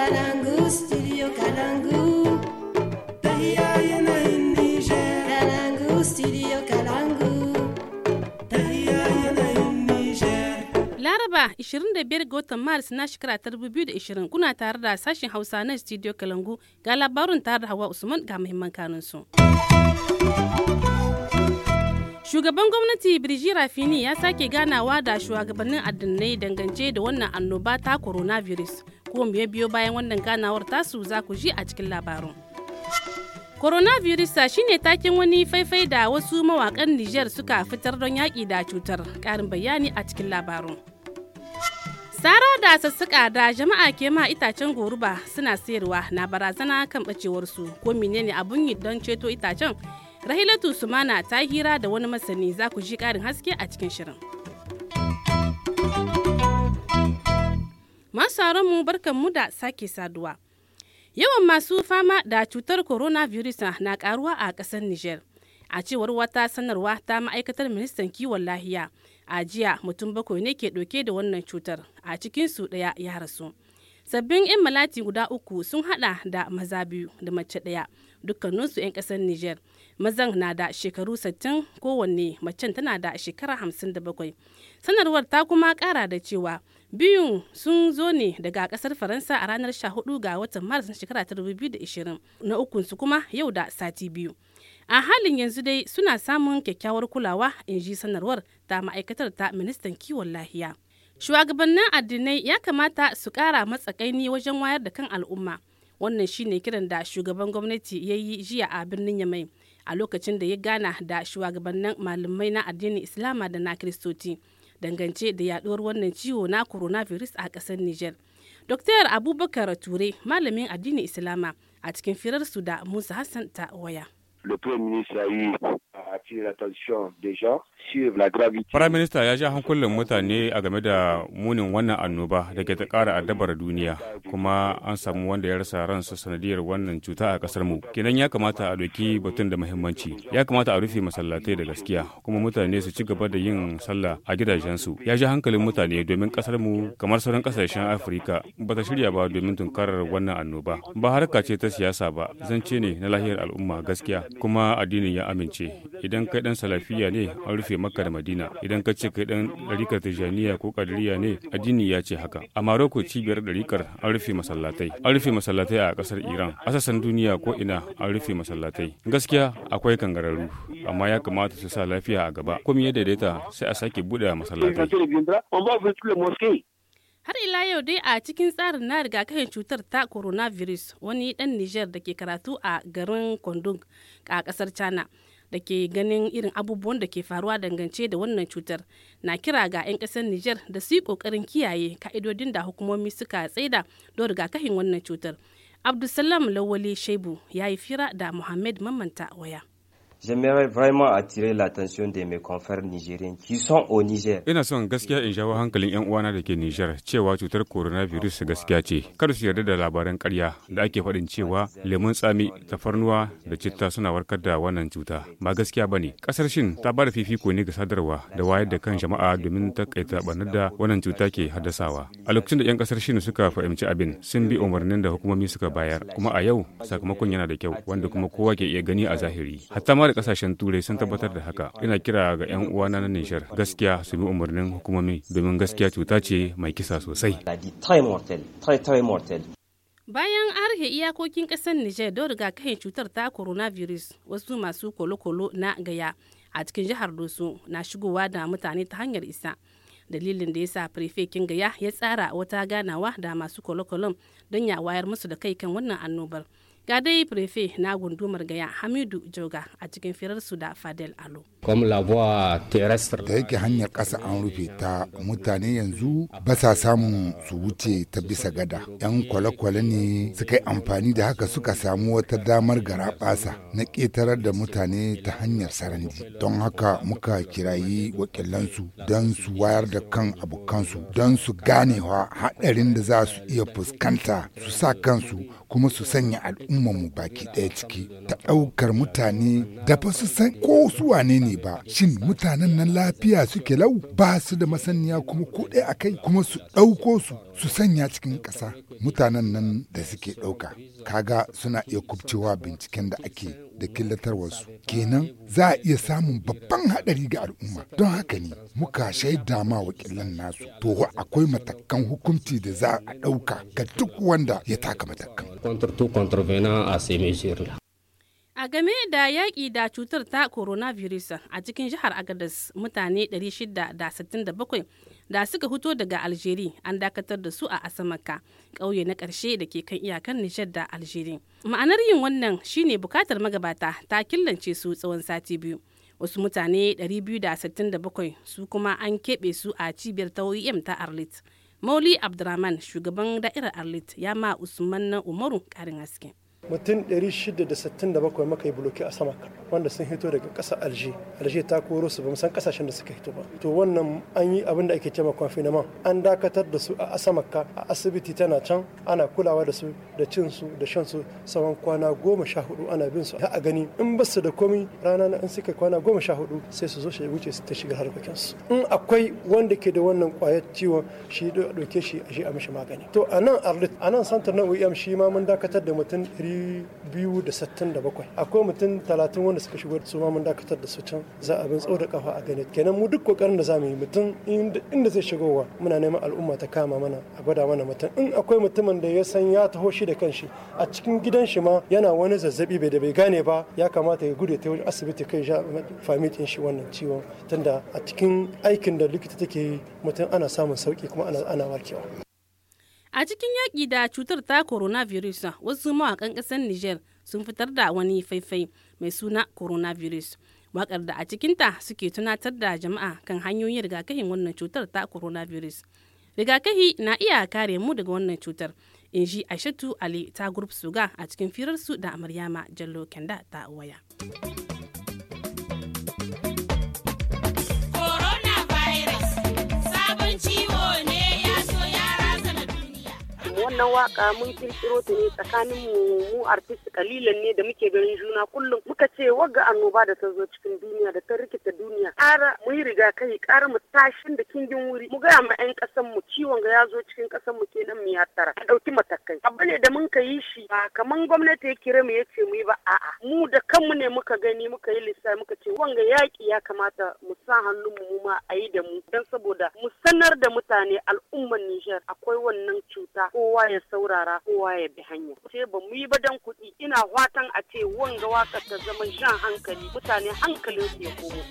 Kalangu, studio Kalangu. Kalangu, studio Kalangu. Laraba 25 ga watan Maris na shekara ta 2020 kuna tare da sashen Hausa na studio Kalangu ga labarin tare da Hawa Usman ga muhimman kanunsu. Shugaban gwamnati Birji Rafini ya sake ganawa da shugabannin addinai dangance da wannan annoba ta coronavirus. ko ya biyo bayan wannan ganawar tasu za ku ji a cikin labarin. coronavirus shine takin wani faifai da wasu mawakan Nijar suka fitar don yaƙi da cutar ƙarin bayani a cikin labarun. Sara da sassuka da jama'a ke ma itacen goruba suna sayarwa na barazana kan ɓacewarsu ko menene abun yi don ceto itacen Rahilatu Sumana ta hira da wani masani za ku ji ƙarin haske a cikin shirin. Masu mu mu da sake saduwa. Yawan masu fama da cutar coronavirus na karuwa a ƙasar Nijar. A cewar wata sanarwa ta ma'aikatar ministan kiwon lahiya, a jiya mutum bakwai ne ke ɗauke da wannan cutar, a cikin su ɗaya ya rasu. Sabbin 'yan malati guda uku sun hada da maza biyu da mace ɗaya, dukkaninsu 'yan ƙasar Nijar. Mazan na da shekaru 60 kowanne, macen tana da shekara 57. Sanarwar ta kuma ƙara da cewa biyu sun zo ne daga kasar faransa a ranar 14 ga watan maris na shekara ta 2020 na ukunsu kuma yau da sati biyu a halin yanzu dai suna samun kyakkyawar kulawa in ji sanarwar ta ma'aikatar ta ministan kiwon lahiya shugabannin addinai ya kamata su kara matsakaini wajen wayar da kan al'umma wannan shine kiran da shugaban gwamnati ya yi jiya a birnin yamai a lokacin da ya gana da shugabannin malamai na addinin islama da na kiristoci dangance da yaduwar wannan ciwo na coronavirus a ƙasar Nijar. Dr. Abubakar Ture, malamin addinin Islama, a cikin firar su da Musa Hassan ta waya. Prime Minister ya sha hankulan mutane a game da munin wannan annoba da ke ta kara addabar duniya kuma an samu wanda ya rasa ransa sanadiyar wannan cuta a kasar mu. Kenan ya kamata a doki batun da muhimmanci. Ya kamata a rufe masallatai da gaskiya kuma mutane su ci gaba da yin sallah a gidajensu. Ya sha hankalin mutane domin kasar mu kamar sauran kasashen Afirka ba ta shirya ba domin tunkarar wannan annoba. Ba harka ce ta siyasa ba, zance ne na lahiyar al'umma gaskiya kuma addinin ya amince. Idan idan kai dan salafiya ne an rufe makka da madina idan ka ce kai dan ɗarikar tijaniya ko kadiriya ne addini ya ce haka a maroko cibiyar ɗarikar an rufe masallatai an rufe masallatai a ƙasar iran a sassan duniya ko ina an rufe masallatai gaskiya akwai kangararru amma ya kamata su sa lafiya a gaba komai ya daidaita sai a sake buɗe masallatai har ila yau dai a cikin tsarin na rigakafin cutar ta coronavirus wani dan niger da ke karatu a garin kondong a kasar china da ke ganin irin abubuwan da ke faruwa dangance da wannan cutar na kira ga 'yan ƙasar Nijar da su yi ƙoƙarin kiyaye ka'idodin da hukumomi suka tsaida don rigakafin wannan cutar. Abdulsalam Lawali Shebu ya yi fira da Muhammad Mamanta waya. j'aimerais vraiment attirer l'attention de mes confrères nigériens qui sont au Niger. Ina son gaskiya in jawo hankalin 'yan uwana da ke niger cewa cutar coronavirus gaskiya ce. Kar su yarda da labaran karya da ake faɗin cewa lemun tsami, tafarnuwa da citta suna warkar da wannan cuta. Ba gaskiya ba ne. Shin ta ba da fifiko ne ga sadarwa da wayar da kan jama'a domin takaita ɓarnar da wannan cuta ke haddasawa. A lokacin da 'yan kasar Shin suka fahimci abin, sun bi umarnin da hukumomi suka bayar. Kuma a yau sakamakon yana da kyau wanda kuma kowa ke iya gani a zahiri. Hatta da kasashen turai sun tabbatar da haka ina kira ga 'yan uwana na nishar gaskiya su bi umarnin hukumomi domin gaskiya cuta ce mai kisa sosai bayan arhe iyakokin kasar niger don rigakafin cutar ta coronavirus wasu masu kolo na gaya a cikin jihar doso na shigowa da mutane ta hanyar isa dalilin da ya sa prefekin gaya ya tsara wata ganawa da masu kolo don ya wayar musu da kai kan wannan annobar ga dai prefe na gundumar gaya hamidu joga a cikin firar su da fadel alo da yake hanyar ƙasa an rufe ta mutane yanzu ba sa samun su wuce ta bisa gada yan kwale-kwale ne suka yi amfani da haka suka samu wata damar garaɓasa na ƙetarar da mutane ta hanyar sarandi don haka muka kirayi wakilansu don su wayar da kan abokansu don su ganewa haɗarin da za su iya fuskanta su sa kansu kuma su sanya al'umma mu baki ɗaya ciki ta ɗaukar mutane da ba su san ko su wane ne ba shin mutanen nan lafiya suke lau ba su da masaniya kuma ko ɗaya a kai kuma su ɗauko su su sanya cikin ƙasa mutanen nan da suke ɗauka kaga suna iya kubcewa binciken da ake da killatarwarsu kenan za a iya samun babban haɗari ga al'umma don haka ne muka shaida ma wakilan nasu to akwai matakan hukunci da za a ɗauka ga duk wanda ya taka matakan A game da yaƙi da cutar ta coronavirus a cikin jihar agadas mutane 667 da suka fito daga aljeri an dakatar da su a asamaka ƙauye na ƙarshe da ke kan iyakar nijar da aljeri ma'anar yin wannan shine bukatar magabata ta killance su tsawon sati biyu wasu mutane 267 su kuma an keɓe su a cibiyar ta oem ta arlit mauli abdulrahman shugaban da'irar arlit ya ma usman na umaru ƙarin haske mutum 667 maka yi bloke a sama wanda sun hito daga ƙasa alje alje ta koro su ba san kasashen da suka hito ba to wannan an yi abin da ake cewa confinement an dakatar da su a asamaka a asibiti tana can ana kulawa da su da cin su da shan su tsawon kwana goma sha hudu ana bin su a gani in ba su da komi rana na in suka kwana goma sha hudu sai su zo shi wuce su ta shiga harkokin su in akwai wanda ke da wannan kwayar ciwon shi dauke shi a shi a mishi magani to a nan arlit a santar na OEM shi ma mun dakatar da mutum 267 akwai mutum talatin wanda suka shigo su ma mun dakatar da su can za a bin tsawo da kafa a gani kenan mu duk kokarin da zamu yi mutum inda zai shigowa muna neman al'umma ta kama mana a gwada mana mutum in akwai mutumin da ya san ya taho shi da kanshi a cikin gidan shi ma yana wani zazzabi bai da bai gane ba ya kamata ya gude ta wajen asibiti kai ja famitin shi wannan ciwon tunda a cikin aikin da likita take yi mutum ana samun sauki kuma ana warkewa A cikin yaƙi da cutar ta coronavirus wasu mawaƙan ƙasar Nijar sun fitar da wani faifai mai suna coronavirus. Waƙar da a cikinta suke tunatar da jama'a kan hanyoyin rigakafin wannan cutar ta coronavirus. Rigakafi na iya kare mu daga wannan cutar. In ji Aishatu Ali ta Group Suga a cikin firarsu da Amaryama Jallo Kenda ta waya. wannan waka mun kirkiro ta ne tsakanin mu mu artist kalilan ne da muke ganin juna kullum muka ce wagga annoba da ta zo cikin duniya da ta rikita duniya ƙara mu yi riga kai ƙara mu tashin da kingin wuri mu gaya ma 'yan ƙasan mu ciwon ga ya zo cikin ƙasan mu kenan mu ya tara a ɗauki matakai abu ne da mun ka yi shi ba kaman gwamnati ya kira mu ya ce mu yi ba a'a mu da kanmu ne muka gani muka yi lissafi muka ce wanga yaƙi ya kamata mu sa hannun mu ma a yi da mu don saboda mu sanar da mutane al'ummar Nijar akwai wannan cuta kowa ya saurara kowa ya bi hanya sai ba mu yi ba dan kuɗi ina fatan a ce wanga waka ta zama jan hankali mutane hankalin su ya komo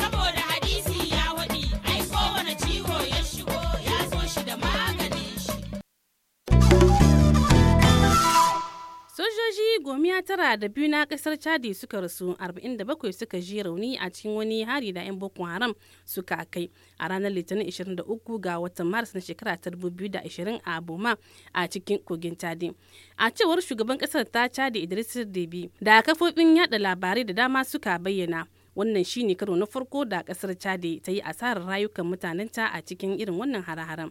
saboda hadisi ya waɗi ai kowane ciwo ya shigo gomiya tara da biyu na kasar chadi suka rasu 47 suka ji rauni a cikin wani hari da 'yan boko haram suka kai a ranar litinin 23 ga watan maris na shekara ta 2020 a boma a cikin kogin chadi a cewar shugaban kasar ta chadi idris debi da kafofin yada labarai da dama suka bayyana wannan shine karo na farko da kasar chadi ta yi asarar rayukan mutanenta a cikin irin wannan hare-haren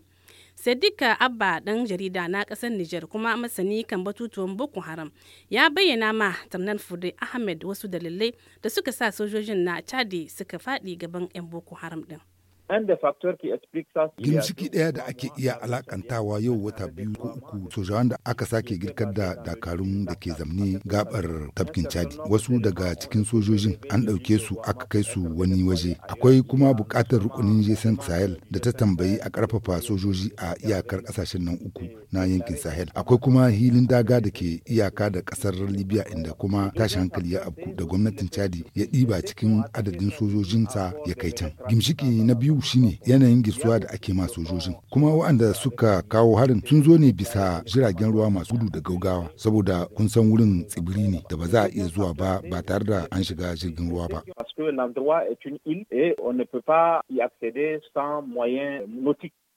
Sadiqa Abba dan jarida na kasar Nijar kuma masani kan batutuwan Boko Haram ya bayyana ma Tamnan Fude Ahmed wasu dalilai da suka sa sojojin na Chadi suka fadi gaban 'yan Boko Haram din. An da factor ki Gimshiki ɗaya da ake iya alakantawa yau wata biyu ko uku sojawan da aka sake girkar da dakarun da ke zamne gabar tafkin Chadi. Wasu daga cikin sojojin an ɗauke su aka kai su wani waje. Akwai kuma buƙatar rukunin Jason Sahel da ta tambayi a ƙarfafa sojoji a iyakar ƙasashen nan uku na yankin Sahel. Akwai kuma hilin daga da ke iyaka da ƙasar Libya inda kuma tashi hankali ya abku da gwamnatin Chadi ya ɗiba cikin adadin sojojinsa ya kai can. Gimshiki na biyu shi shine yanayin girsuwa da ake ma sojojin kuma waɗanda suka kawo harin sun zo ne bisa jiragen ruwa masu gudu da gaugawa saboda kun san wurin tsibiri ne da ba za a iya zuwa ba ba tare da an shiga jirgin ruwa ba l'endroit est une île et on ne peut pas y accéder sans moyen nautique.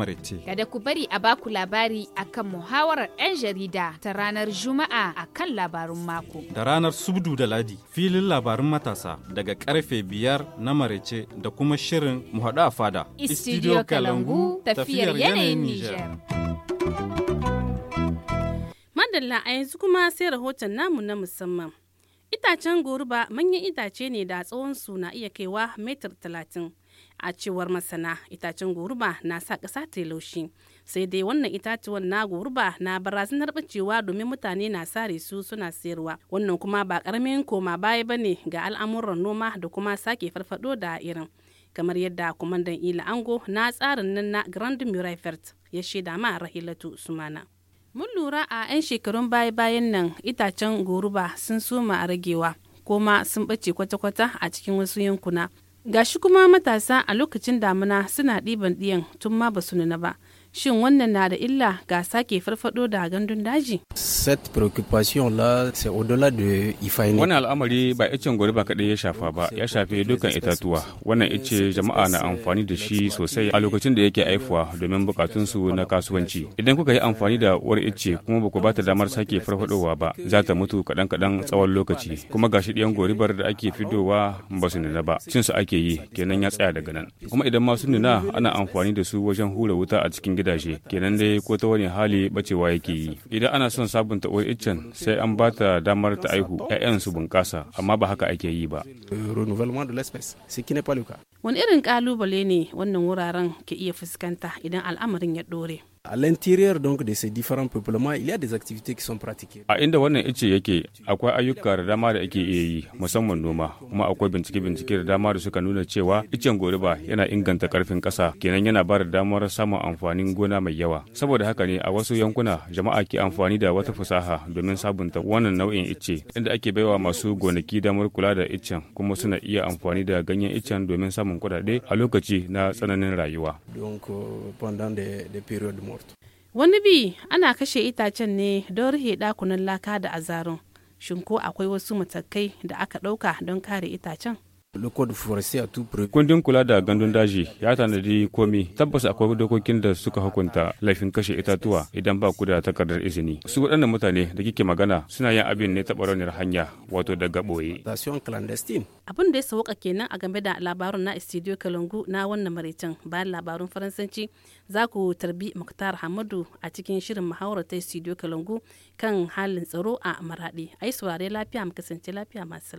maraice. Kada ku bari a baku labari akan muhawarar 'yan jarida ta ranar Juma'a akan labarun mako. Da ranar Subdu da Ladi filin labarun matasa daga karfe biyar na maraice da kuma shirin mu a fada. Istidiyo Kalangu tafiyar yanayin Nijar. Madalla a yanzu kuma sai rahoton namu na musamman. Itacen goruba manyan itace ne da tsohon na iya kaiwa metar talatin. a cewar masana itacen goruba na sa ƙasa ta laushi sai dai wannan itatuwan na goruba na barazanar bacewa domin mutane na sare su suna sayarwa wannan kuma ba ƙaramin koma baya ba ne ga al'amuran noma da kuma sake farfado da irin kamar yadda kwamandan ila ango na tsarin nan na grand murai ya shaida ma rahilatu sumana mun lura a 'yan shekarun baya-bayan nan itacen goruba sun suma a ragewa kuma sun bace kwata-kwata a cikin wasu yankuna Gashi kuma matasa a lokacin damina suna ɗiban ɗiyan tun ma ba su nuna ba. Shin wannan na da illa ga sake farfado da gandun daji? set preoccupation la c'est au-delà de Ifayne. Wannan al'amari ba icen gori ba kadai ya shafa ba, ya shafe dukkan itatuwa. Wannan ice jama'a na amfani da shi sosai a lokacin da yake aifuwa domin bukatun su na kasuwanci. Idan kuka yi amfani da uwar ice kuma ba ku ba ta damar sake farfadowa ba, za ta mutu kaɗan-kaɗan tsawon lokaci. Kuma gashi ɗiyan goribar da ake fidowa ba su nuna ba. Cin su ake yi kenan ya tsaya daga nan. Kuma idan ma sun nuna ana amfani da su wajen hura wuta a cikin gidaje kenan dai ko ta wani hali bacewa yake yi idan ana son sabunta uwar iccen sai an ba ta damar ta aihu 'ya'yan su bunƙasa amma ba haka ake yi ba wani irin kalubale ne wannan wuraren ke iya fuskanta idan al'amarin ya dore. À l'intérieur donc de ces différents peuplements, il y a des activités qui sont pratiquées. A inda wannan ice yake akwai ayyuka da dama da ake iya yi musamman noma kuma akwai bincike-bincike da dama da suka nuna cewa icen goriba yana inganta karfin kasa kenan yana ba da damar samun amfanin gona mai yawa. Saboda haka ne a wasu yankuna jama'a ke amfani da wata fasaha domin sabunta wannan nau'in ice inda ake baiwa masu gonaki damar kula da icen kuma suna iya amfani da ganyen icen domin samun kudade a lokaci na tsananin rayuwa. Donc, euh, pendant des, périodes wani bi ana kashe itacen ne don rufe dakunan laka da azarun shin ko akwai wasu matakai da aka ɗauka don kare itacen Kundin kula da gandun daji ya tanadi komi tabbas akwai dokokin da suka hukunta laifin kashe itatuwa idan ba ku da takardar izini. Su waɗannan mutane da kike magana suna yin abin ne ta raunin hanya wato daga ɓoye. Abin da ya sauka kenan a game da labarun na Studio Kalangu na wannan maraicin bayan labarun Faransanci za ku tarbi Muktar Hamadu a cikin shirin muhawarar ta Studio Kalangu kan halin tsaro a Maraɗi. Ai saurare lafiya mu kasance lafiya masu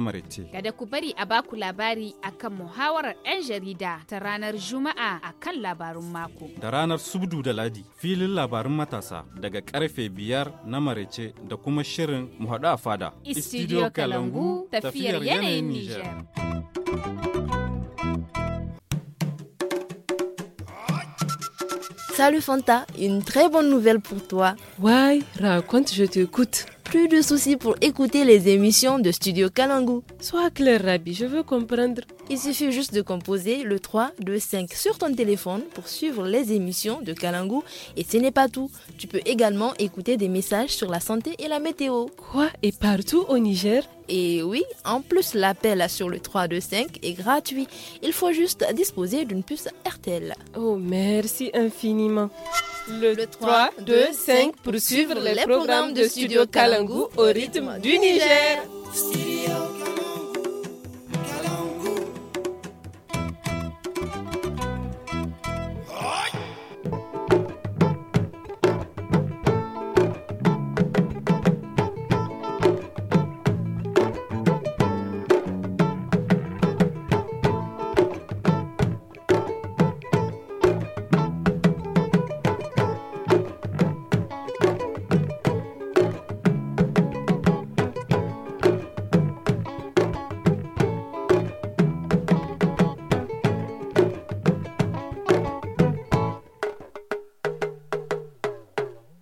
maraice. Kada ku bari a baku labari akan muhawarar 'yan jarida ta ranar Juma'a akan labarun mako. Da ranar Subdu da Ladi filin labarun matasa daga karfe biyar na maraice da kuma shirin muhaɗu a fada. Istidiyo Kalangu tafiyar yanayin Nijar. Salut Fanta, une très bonne nouvelle pour toi. Ouais, raconte, je t'écoute plus de soucis pour écouter les émissions de Studio Kalangu. Sois clair, Rabi, je veux comprendre. Il suffit juste de composer le 3, 2, 5 sur ton téléphone pour suivre les émissions de Kalangu. Et ce n'est pas tout. Tu peux également écouter des messages sur la santé et la météo. Quoi Et partout au Niger et oui, en plus, l'appel sur le 325 est gratuit. Il faut juste disposer d'une puce RTL. Oh, merci infiniment le, 3, 2, 5 pour suivre les programmes de Studio Kalangu au rythme du Niger.